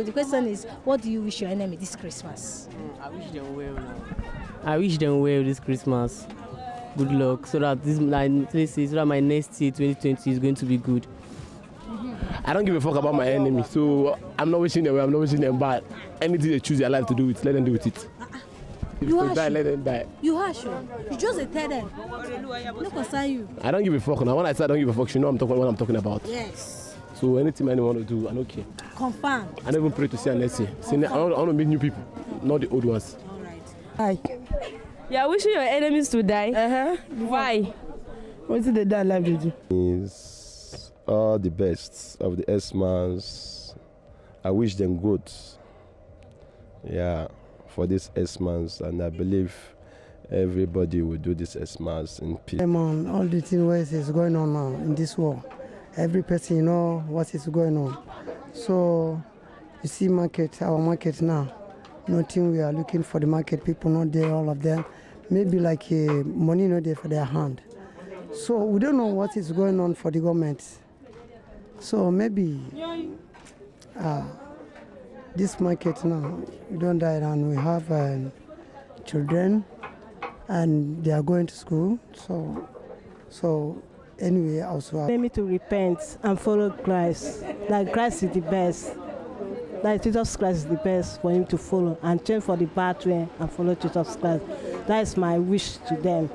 The question is, what do you wish your enemy this Christmas? Mm, I wish them well. I wish them well this Christmas. Good luck, so that this my this is so that my next year 2020 is going to be good. I don't give a fuck about my enemy, so I'm not wishing them well. I'm not wishing them bad. Anything they choose their life to do with, let them do with it. If you they die, you. let them die. You harsh. Oh? You just a tell them. No concern you. I don't give a fuck now. When I say I don't give a fuck, you know I'm talking what I'm talking about. Yes. So anything anyone will do, I don't care. Confirmed. I never pray to see an essay. See, I want, to meet new people, not the old ones. All right. Hi. You are wishing your enemies to die. Uh huh. Why? What did they die alive to do? It's all the best of the S-mans. I wish them good. Yeah, for this S-mans, and I believe everybody will do this S-mans in peace. Hey man, all the things is going on now in this world. Every person you know what is going on. So you see market, our market now, nothing we are looking for the market, people not there, all of them. Maybe like uh, money not there for their hand. So we don't know what is going on for the government. So maybe uh, this market now, we don't die and we have uh, children and they are going to school. So, so anywhere elsewhere. Help me to repent and follow Christ. That Christ is the best. That Jesus Christ is the best for him to follow and change for the bad way and follow Jesus Christ. That is my wish to them.